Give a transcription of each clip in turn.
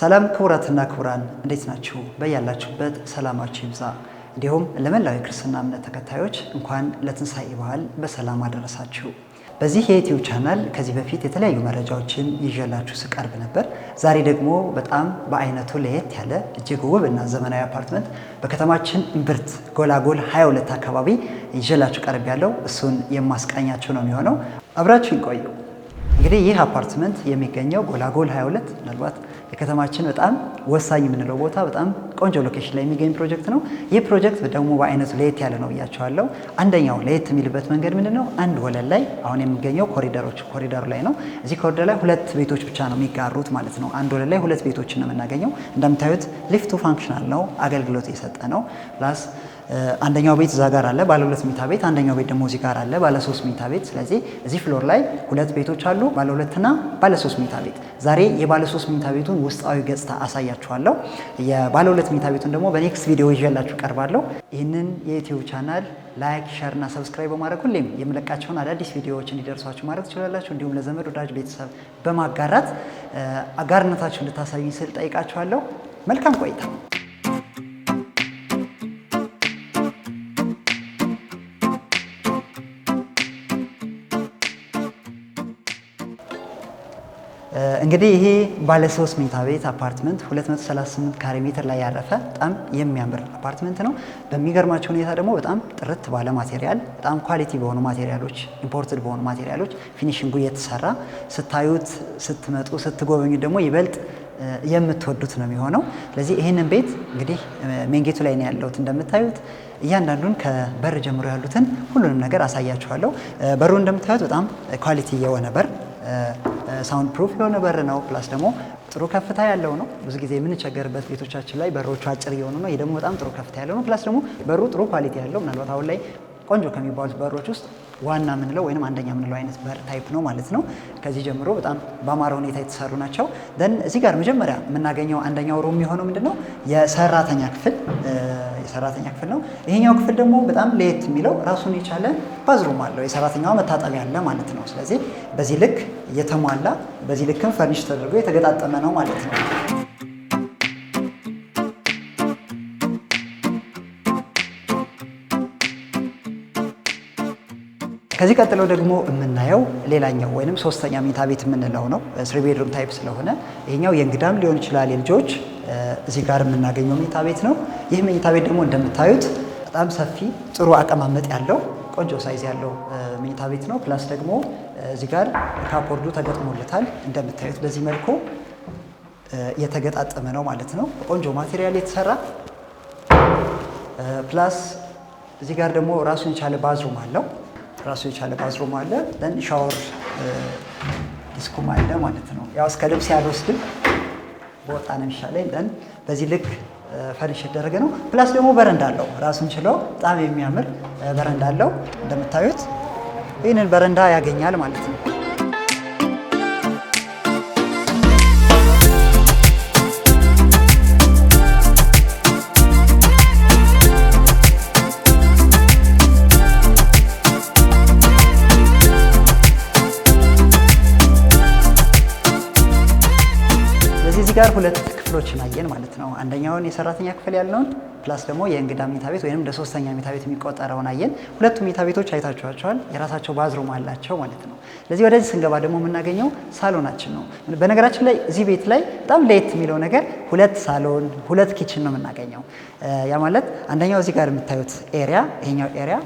ሰላም ክቡራትና ክቡራን እንዴት ናችሁ? በያላችሁበት ሰላማችሁ ይብዛ። እንዲሁም ለመላው የክርስትና እምነት ተከታዮች እንኳን ለትንሣኤ በዓል በሰላም አደረሳችሁ። በዚህ የዩቲዩብ ቻናል ከዚህ በፊት የተለያዩ መረጃዎችን ይዤላችሁ ስቀርብ ነበር። ዛሬ ደግሞ በጣም በአይነቱ ለየት ያለ እጅግ ውብ እና ዘመናዊ አፓርትመንት በከተማችን እምብርት ጎላጎል 22 አካባቢ ይዤላችሁ ቀርብ ያለው እሱን የማስቃኛችሁ ነው የሚሆነው። አብራችሁ ይቆዩ። እንግዲህ ይህ አፓርትመንት የሚገኘው ጎላጎል 22 ምናልባት ለከተማችን በጣም ወሳኝ የምንለው ቦታ በጣም ቆንጆ ሎኬሽን ላይ የሚገኝ ፕሮጀክት ነው። ይህ ፕሮጀክት ደግሞ በአይነቱ ለየት ያለ ነው ብያቸዋለሁ። አንደኛው ለየት የሚልበት መንገድ ምንድን ነው? አንድ ወለል ላይ አሁን የሚገኘው ኮሪደሮች ኮሪደሩ ላይ ነው። እዚህ ኮሪደር ላይ ሁለት ቤቶች ብቻ ነው የሚጋሩት ማለት ነው። አንድ ወለል ላይ ሁለት ቤቶችን ነው የምናገኘው። እንደምታዩት ሊፍቱ ፋንክሽናል ነው፣ አገልግሎት የሰጠ ነው። ፕላስ አንደኛው ቤት እዛ ጋር አለ ባለ ሁለት ሚታ ቤት፣ አንደኛው ቤት ደግሞ እዚህ ጋር አለ ባለ ሶስት ሚታ ቤት። ስለዚህ እዚህ ፍሎር ላይ ሁለት ቤቶች አሉ፣ ባለ ሁለትና ባለ ሶስት ሚታ ቤት ዛሬ የባለ ሶስት መኝታ ቤቱን ውስጣዊ ገጽታ አሳያችኋለሁ። የባለ ሁለት መኝታ ቤቱን ደግሞ በኔክስት ቪዲዮ ይዤላችሁ ቀርባለሁ። ይህንን የዩቲዩብ ቻናል ላይክ፣ ሸር እና ሰብስክራይብ በማድረግ ሁሌም የምለቃቸውን አዳዲስ ቪዲዮዎች እንዲደርሷችሁ ማድረግ ትችላላችሁ። እንዲሁም ለዘመድ ወዳጅ፣ ቤተሰብ በማጋራት አጋርነታችሁ እንድታሳዩኝ ስል ጠይቃችኋለሁ። መልካም ቆይታ እንግዲህ ይሄ ባለ ሶስት መኝታ ቤት አፓርትመንት 238 ካሬ ሜትር ላይ ያረፈ በጣም የሚያምር አፓርትመንት ነው። በሚገርማቸው ሁኔታ ደግሞ በጣም ጥርት ባለ ማቴሪያል፣ በጣም ኳሊቲ በሆኑ ማቴሪያሎች፣ ኢምፖርትድ በሆኑ ማቴሪያሎች ፊኒሽንጉ የተሰራ ስታዩት፣ ስትመጡ፣ ስትጎበኙ ደግሞ ይበልጥ የምትወዱት ነው የሚሆነው። ስለዚህ ይህንን ቤት እንግዲህ ሜንጌቱ ላይ ነው ያለሁት እንደምታዩት እያንዳንዱን ከበር ጀምሮ ያሉትን ሁሉንም ነገር አሳያችኋለሁ። በሩ እንደምታዩት በጣም ኳሊቲ የሆነ በር ሳውንድ ፕሩፍ የሆነ በር ነው። ፕላስ ደግሞ ጥሩ ከፍታ ያለው ነው። ብዙ ጊዜ የምንቸገርበት ቤቶቻችን ላይ በሮቹ አጭር እየሆኑ ነው። ይህ ደግሞ በጣም ጥሩ ከፍታ ያለው ነው። ፕላስ ደግሞ በሩ ጥሩ ኳሊቲ ያለው ምናልባት አሁን ላይ ቆንጆ ከሚባሉት በሮች ውስጥ ዋና ምንለው ወይም አንደኛ ምንለው አይነት በር ታይፕ ነው ማለት ነው። ከዚህ ጀምሮ በጣም በአማረ ሁኔታ የተሰሩ ናቸው። ደን እዚህ ጋር መጀመሪያ የምናገኘው አንደኛው ሩም የሚሆነው ምንድነው የሰራተኛ ክፍል የሰራተኛ ክፍል ነው። ይሄኛው ክፍል ደግሞ በጣም ለየት የሚለው ራሱን የቻለ ባዝሩም አለው የሰራተኛዋ መታጠቢያ አለ ማለት ነው። ስለዚህ በዚህ ልክ እየተሟላ በዚህ ልክም ፈርኒሽ ተደርጎ የተገጣጠመ ነው ማለት ነው። ከዚህ ቀጥሎ ደግሞ የምናየው ሌላኛው ወይም ሶስተኛ መኝታ ቤት የምንለው ነው። ስሪ ቤድሩም ታይፕ ስለሆነ ይሄኛው የእንግዳም ሊሆን ይችላል የልጆች እዚህ ጋር የምናገኘው መኝታ ቤት ነው። ይህ መኝታ ቤት ደግሞ እንደምታዩት በጣም ሰፊ ጥሩ አቀማመጥ ያለው ቆንጆ ሳይዝ ያለው መኝታ ቤት ነው። ፕላስ ደግሞ እዚህ ጋር ካፖርዱ ተገጥሞለታል። እንደምታዩት በዚህ መልኩ የተገጣጠመ ነው ማለት ነው። ቆንጆ ማቴሪያል የተሰራ ፕላስ እዚህ ጋር ደግሞ ራሱን የቻለ ባዝሩም አለው። ራሱን የቻለ ባዝሩም አለ። ን ሻወር ዲስኩም አለ ማለት ነው። ያው እስከ ልብስ ያልወስድም በወጣ ነው የሚሻለኝ። በዚህ ልክ ፈርኒሽ የተደረገ ነው። ፕላስ ደግሞ በረንዳ አለው ራሱን ችለው በጣም የሚያምር በረንዳ አለው። እንደምታዩት ይህንን በረንዳ ያገኛል ማለት ነው። ጋር ሁለት ክፍሎችን አየን ማለት ነው። አንደኛውን የሰራተኛ ክፍል ያለውን ፕላስ ደግሞ የእንግዳ መኝታ ቤት ወይም እንደ ሚታ መኝታ ቤት የሚቆጠረውን አየን። ሁለቱ መኝታ ቤቶች አይታችኋቸዋል፣ የራሳቸው ባዝሩም አላቸው ማለት ነው። ስለዚህ ወደዚህ ስንገባ ደግሞ የምናገኘው ሳሎናችን ነው። በነገራችን ላይ እዚህ ቤት ላይ በጣም ለየት የሚለው ነገር ሁለት ሳሎን፣ ሁለት ኪችን ነው የምናገኘው። ያ ማለት አንደኛው እዚህ ጋር የምታዩት ኤሪያ፣ ይሄኛው ኤሪያ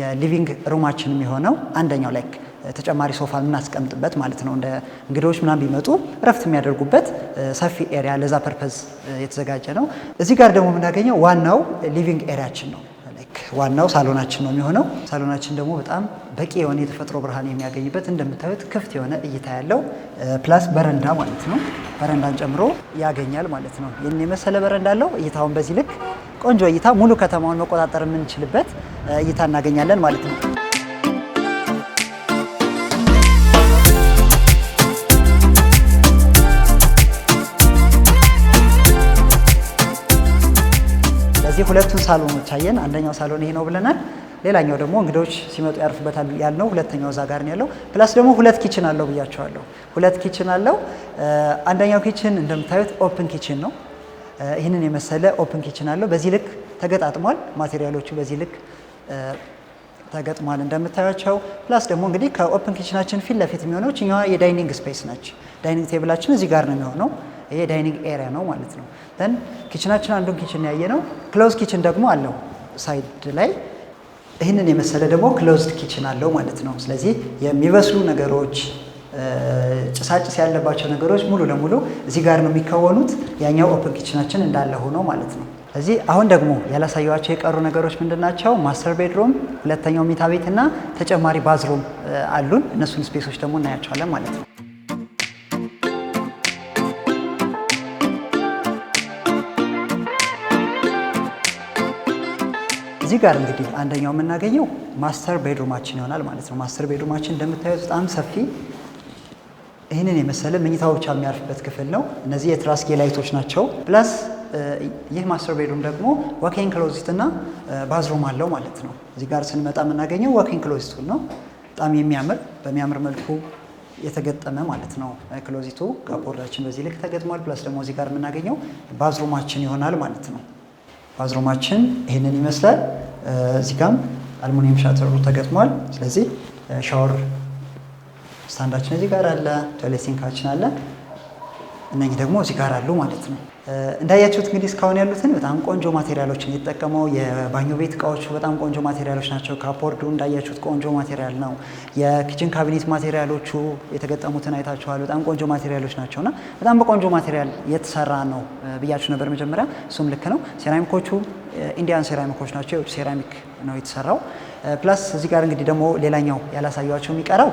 የሊቪንግ ሩማችን የሚሆነው አንደኛው ላይክ ተጨማሪ ሶፋ የምናስቀምጥበት ማለት ነው። እንደ እንግዶች ምናም ቢመጡ እረፍት የሚያደርጉበት ሰፊ ኤሪያ ለዛ ፐርፐዝ የተዘጋጀ ነው። እዚህ ጋር ደግሞ የምናገኘው ዋናው ሊቪንግ ኤሪያችን ነው። ዋናው ሳሎናችን ነው የሚሆነው። ሳሎናችን ደግሞ በጣም በቂ የሆነ የተፈጥሮ ብርሃን የሚያገኝበት እንደምታዩት ክፍት የሆነ እይታ ያለው ፕላስ በረንዳ ማለት ነው። በረንዳን ጨምሮ ያገኛል ማለት ነው። ይህን የመሰለ በረንዳ አለው። እይታውን በዚህ ልክ ቆንጆ እይታ፣ ሙሉ ከተማውን መቆጣጠር የምንችልበት እይታ እናገኛለን ማለት ነው። እንግዲህ ሁለቱን ሳሎኖች አየን። አንደኛው ሳሎን ይሄ ነው ብለናል። ሌላኛው ደግሞ እንግዶች ሲመጡ ያርፉበታል ያልነው ሁለተኛው እዛ ጋር ነው ያለው። ፕላስ ደግሞ ሁለት ኪችን አለው ብያቸዋለሁ። ሁለት ኪችን አለው። አንደኛው ኪችን እንደምታዩት ኦፕን ኪችን ነው። ይህንን የመሰለ ኦፕን ኪችን አለው። በዚህ ልክ ተገጣጥሟል። ማቴሪያሎቹ በዚህ ልክ ተገጥሟል እንደምታዩቸው። ፕላስ ደግሞ እንግዲህ ከኦፕን ኪችናችን ፊት ለፊት የሚሆነው ችኛዋ የዳይኒንግ ስፔስ ናች። ዳይኒንግ ቴብላችን እዚህ ጋር ነው የሚሆነው ይሄ ዳይኒንግ ኤሪያ ነው ማለት ነው። ደን ኪችናችን አንዱን ኪችን ያየ ነው። ክሎዝ ኪችን ደግሞ አለው ሳይድ ላይ ይህንን የመሰለ ደግሞ ክሎዝድ ኪችን አለው ማለት ነው። ስለዚህ የሚበስሉ ነገሮች ጭሳጭስ ያለባቸው ነገሮች ሙሉ ለሙሉ እዚህ ጋር ነው የሚከወኑት። ያኛው ኦፕን ኪችናችን እንዳለ ሆኖ ማለት ነው። ስለዚህ አሁን ደግሞ ያላሳየኋቸው የቀሩ ነገሮች ምንድን ናቸው? ማስተር ቤድሮም፣ ሁለተኛው ሚታ ቤት እና ተጨማሪ ባዝሮም አሉን። እነሱን ስፔሶች ደግሞ እናያቸዋለን ማለት ነው። እዚህ ጋር እንግዲህ አንደኛው የምናገኘው ማስተር ቤድሩማችን ይሆናል ማለት ነው። ማስተር ቤድሩማችን እንደምታዩት በጣም ሰፊ ይህንን የመሰለ መኝታው ብቻ የሚያርፍበት ክፍል ነው። እነዚህ የትራስጌ ላይቶች ናቸው። ፕላስ ይህ ማስተር ቤድሩም ደግሞ ዋኪን ክሎዚት እና ባዝሩም አለው ማለት ነው። እዚህ ጋር ስንመጣ የምናገኘው ዋኪን ክሎዚቱን ነው። በጣም የሚያምር በሚያምር መልኩ የተገጠመ ማለት ነው። ክሎዚቱ ካፖርዳችን በዚህ ልክ ተገጥሟል። ፕላስ ደግሞ እዚህ ጋር የምናገኘው ባዝሩማችን ይሆናል ማለት ነው። ባዝሮማችን ይህንን ይመስላል። እዚህ ጋም አልሙኒየም ሻተሩ ተገጥሟል። ስለዚህ ሻወር ስታንዳችን እዚህ ጋር አለ፣ ቶይሌት ሲንካችን አለ። እነኚህ ደግሞ እዚህ ጋር አሉ ማለት ነው። እንዳያችሁት እንግዲህ እስካሁን ያሉትን በጣም ቆንጆ ማቴሪያሎችን የተጠቀመው የባኞ ቤት እቃዎቹ በጣም ቆንጆ ማቴሪያሎች ናቸው። ካፖርዱ እንዳያችሁት ቆንጆ ማቴሪያል ነው። የኪችን ካቢኔት ማቴሪያሎቹ የተገጠሙትን አይታችኋል። በጣም ቆንጆ ማቴሪያሎች ናቸው እና በጣም በቆንጆ ማቴሪያል የተሰራ ነው ብያችሁ ነበር መጀመሪያ። እሱም ልክ ነው። ሴራሚኮቹ ኢንዲያን ሴራሚኮች ናቸው። የውጭ ሴራሚክ ነው የተሰራው። ፕላስ እዚህ ጋር እንግዲህ ደግሞ ሌላኛው ያላሳያቸው የሚቀረው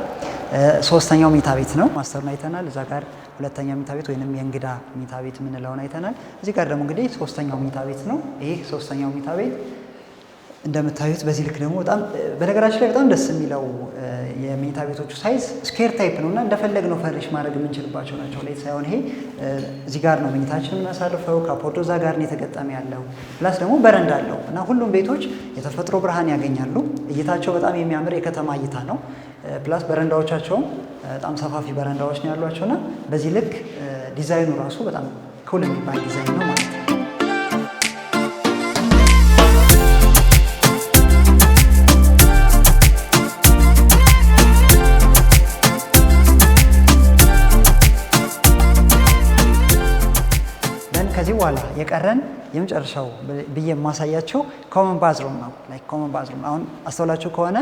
ሶስተኛው ሚታ ቤት ነው። ማስተሩን አይተናል። እዛ ጋር ሁለተኛ ሚታ ቤት ወይንም የእንግዳ ሚታ ቤት የምንለውን አይተናል። አይተናል። እዚህ ጋር ደግሞ እንግዲህ ሶስተኛው መኝታ ቤት ነው። ይህ ሶስተኛው መኝታ ቤት እንደምታዩት በዚህ ልክ ደግሞ በጣም በነገራችን ላይ በጣም ደስ የሚለው የመኝታ ቤቶቹ ሳይዝ ስኬር ታይፕ ነው እና እንደፈለግነው ፈሪሽ ማድረግ የምንችልባቸው ናቸው። ላይ ሳይሆን ይሄ እዚህ ጋር ነው መኝታችን የምናሳልፈው። ካፖርዶ እዛ ጋር ነው የተገጠመ ያለው። ፕላስ ደግሞ በረንዳ አለው እና ሁሉም ቤቶች የተፈጥሮ ብርሃን ያገኛሉ። እይታቸው በጣም የሚያምር የከተማ እይታ ነው። ፕላስ በረንዳዎቻቸውም በጣም ሰፋፊ በረንዳዎች ነው ያሏቸው እና በዚህ ልክ ዲዛይኑ ራሱ በጣም Hulamin pa ang design naman. በኋላ የቀረን የመጨረሻው ብዬ የማሳያቸው ኮመን ባዝሩም ነው። ኮመን ባዝሩም አሁን አስተውላችሁ ከሆነ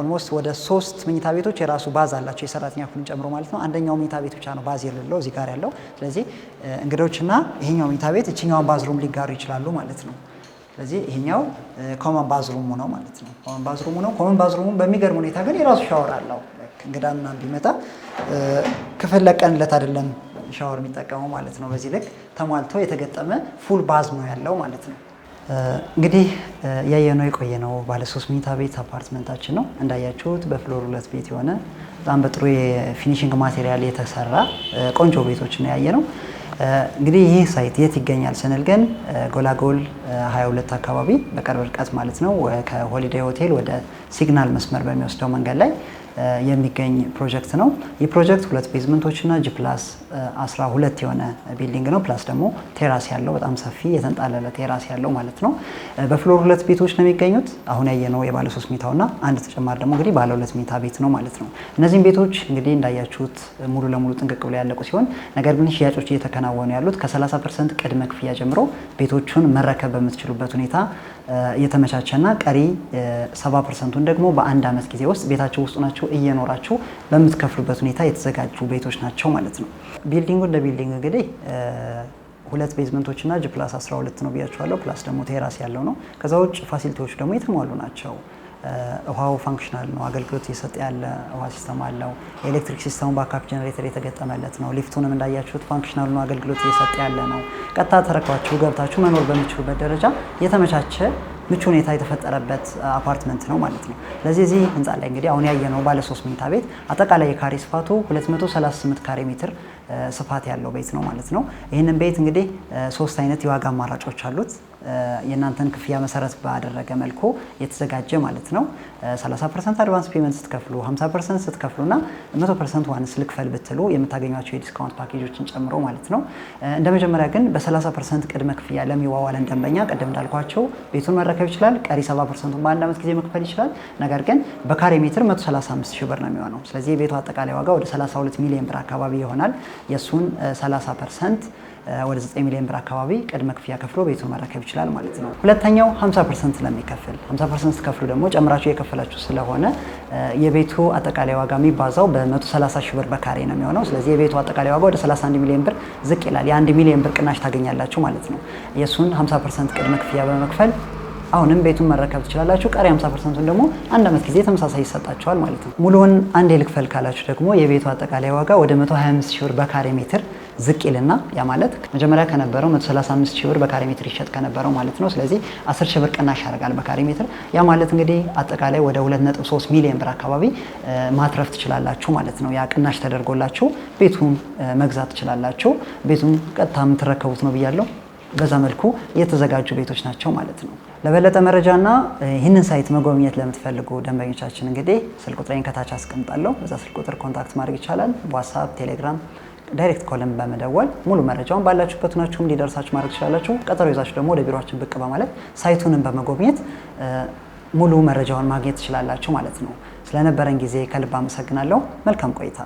ኦልሞስት uh, ወደ ሶስት መኝታ ቤቶች የራሱ ባዝ አላቸው የሰራተኛ ክፍሉን ጨምሮ ማለት ነው። አንደኛው መኝታ ቤት ብቻ ነው ባዝ የሌለው እዚህ ጋር ያለው። ስለዚህ uh, እንግዶችና ይሄኛው መኝታ ቤት እችኛውን ባዝሩም ሊጋሩ ይችላሉ ማለት ነው። ስለዚህ ይሄኛው ኮመን uh, ባዝሩሙ ነው ማለት ነው። ኮመን ባዝሩሙ ነው። ኮመን ባዝሩሙ በሚገርም ሁኔታ ግን የራሱ ሻወር አለው። እንግዳና ቢመጣ ክፍል ለቀንለት አይደለም ሻወር የሚጠቀመው ማለት ነው። በዚህ ልክ ተሟልቶ የተገጠመ ፉል ባዝ ነው ያለው ማለት ነው። እንግዲህ ያየነው የቆየ ነው ባለሶስት መኝታ ቤት አፓርትመንታችን ነው። እንዳያችሁት በፍሎር ሁለት ቤት የሆነ በጣም በጥሩ የፊኒሽንግ ማቴሪያል የተሰራ ቆንጆ ቤቶች ነው ያየ ነው። እንግዲህ ይህ ሳይት የት ይገኛል ስንል ግን ጎላጎል 22 አካባቢ በቅርብ ርቀት ማለት ነው ከሆሊዴይ ሆቴል ወደ ሲግናል መስመር በሚወስደው መንገድ ላይ የሚገኝ ፕሮጀክት ነው። ይህ ፕሮጀክት ሁለት ቤዝመንቶችና ጂ ፕላስ 12 የሆነ ቢልዲንግ ነው። ፕላስ ደግሞ ቴራስ ያለው በጣም ሰፊ የተንጣለለ ቴራስ ያለው ማለት ነው። uh, በፍሎር ሁለት ቤቶች ነው የሚገኙት። አሁን ያየነው የባለ ሶስት ሚታውና አንድ ተጨማሪ ደግሞ እንግዲህ ባለ ሁለት ሚታ ቤት ነው ማለት ነው። እነዚህም ቤቶች እንግዲህ እንዳያችሁት ሙሉ ለሙሉ ጥንቅቅ ብሎ ያለቁ ሲሆን ነገር ግን ሽያጮች እየተከናወኑ ያሉት ከ30 ፐርሰንት ቅድመ ክፍያ ጀምሮ ቤቶቹን መረከብ በምትችሉበት ሁኔታ የተመቻቸና ቀሪ 70 ፐርሰንቱን ደግሞ በአንድ አመት ጊዜ ውስጥ ቤታቸው ውስጡ ናቸው እየኖራቸው በምትከፍሉበት ሁኔታ የተዘጋጁ ቤቶች ናቸው ማለት ነው። ቢልዲንጉን ለቢልዲንግ እንግዲህ ሁለት ቤዝመንቶች እና ጂ ፕላስ 12 ነው ብያቸዋለሁ። ፕላስ ደግሞ ቴራስ ያለው ነው። ከዛ ውጭ ፋሲሊቲዎቹ ደግሞ የተሟሉ ናቸው። ውሃው ፋንክሽናል ነው፣ አገልግሎት እየሰጠ ያለ ውሃ ሲስተም አለው። የኤሌክትሪክ ሲስተሙ ባካፕ ጀኔሬተር የተገጠመለት ነው። ሊፍቱንም እንዳያችሁት ፋንክሽናል ነው፣ አገልግሎት እየሰጠ ያለ ነው። ቀጥታ ተረክባችሁ ገብታችሁ መኖር በሚችሉበት ደረጃ የተመቻቸ ምቹ ሁኔታ የተፈጠረበት አፓርትመንት ነው ማለት ነው። ስለዚህ እዚህ ህንፃ ላይ እንግዲህ አሁን ያየነው ባለ ሶስት መኝታ ቤት አጠቃላይ የካሬ ስፋቱ 238 ካሬ ሜትር ስፋት ያለው ቤት ነው ማለት ነው። ይህንን ቤት እንግዲህ ሶስት አይነት የዋጋ አማራጮች አሉት። የእናንተን ክፍያ መሰረት ባደረገ መልኩ የተዘጋጀ ማለት ነው። 30 ፐርሰንት አድቫንስ ፔመንት ስትከፍሉ፣ 50 ፐርሰንት ስትከፍሉ እና 100 ፐርሰንት ዋንስ ልክፈል ብትሉ የምታገኟቸው የዲስካውንት ፓኬጆችን ጨምሮ ማለት ነው። እንደ መጀመሪያ ግን በ30 ፐርሰንት ቅድመ ክፍያ ለሚዋዋለን ደንበኛ ቅድም እንዳልኳቸው ቤቱን መረከብ ይችላል። ቀሪ 70 ፐርሰንቱን በአንድ ዓመት ጊዜ መክፈል ይችላል። ነገር ግን በካሬ ሜትር 135 ሺህ ብር ነው የሚሆነው። ስለዚህ የቤቱ አጠቃላይ ዋጋ ወደ 32 ሚሊዮን ብር አካባቢ ይሆናል። የእሱን 30 ፐርሰንት ወደ 9 ሚሊዮን ብር አካባቢ ቅድመ ክፍያ ከፍሎ ቤቱን መረከብ ይችላል ማለት ነው። ሁለተኛው 50 ፐርሰንት ስለሚከፍል 50 ፐርሰንት ስትከፍሉ ደግሞ ጨምራችሁ የከፈላችሁ ስለሆነ የቤቱ አጠቃላይ ዋጋ የሚባዛው በ130 ሺህ ብር በካሬ ነው የሚሆነው። ስለዚህ የቤቱ አጠቃላይ ዋጋ ወደ 31 ሚሊዮን ብር ዝቅ ይላል። የአንድ ሚሊዮን ብር ቅናሽ ታገኛላችሁ ማለት ነው። የእሱን 50 ፐርሰንት ቅድመ ክፍያ በመክፈል አሁንም ቤቱን መረከብ ትችላላችሁ። ቀሪ 50 ፐርሰንቱን ደግሞ አንድ ዓመት ጊዜ ተመሳሳይ ይሰጣችኋል ማለት ነው። ሙሉውን አንዴ ልክፈል ካላችሁ ደግሞ የቤቱ አጠቃላይ ዋጋ ወደ 125 ሺህ ብር በካሬ ሜትር ዝቅ ይልና ያ ማለት መጀመሪያ ከነበረው 135 ሺህ ብር በካሬ ሜትር ይሸጥ ከነበረው ማለት ነው። ስለዚህ 10 ሺህ ብር ቅናሽ ያደርጋል በካሬ ሜትር። ያ ማለት እንግዲህ አጠቃላይ ወደ 2.3 ሚሊዮን ብር አካባቢ ማትረፍ ትችላላችሁ ማለት ነው። ያ ቅናሽ ተደርጎላችሁ ቤቱን መግዛት ትችላላችሁ። ቤቱን ቀጥታ የምትረከቡት ነው ብያለሁ። በዛ መልኩ የተዘጋጁ ቤቶች ናቸው ማለት ነው። ለበለጠ መረጃና ይህንን ሳይት መጎብኘት ለምትፈልጉ ደንበኞቻችን እንግዲህ ስልክ ቁጥሬን ከታች አስቀምጣለሁ። በዛ ስልክ ቁጥር ኮንታክት ማድረግ ይቻላል። ዋትሳፕ፣ ቴሌግራም ዳይሬክት ኮልን በመደወል ሙሉ መረጃውን ባላችሁበት ሆናችሁም እንዲደርሳችሁ ማድረግ ትችላላችሁ። ቀጠሮ ይዛችሁ ደግሞ ወደ ቢሮችን ብቅ በማለት ሳይቱንም በመጎብኘት ሙሉ መረጃውን ማግኘት ትችላላችሁ ማለት ነው። ስለነበረን ጊዜ ከልብ አመሰግናለሁ። መልካም ቆይታ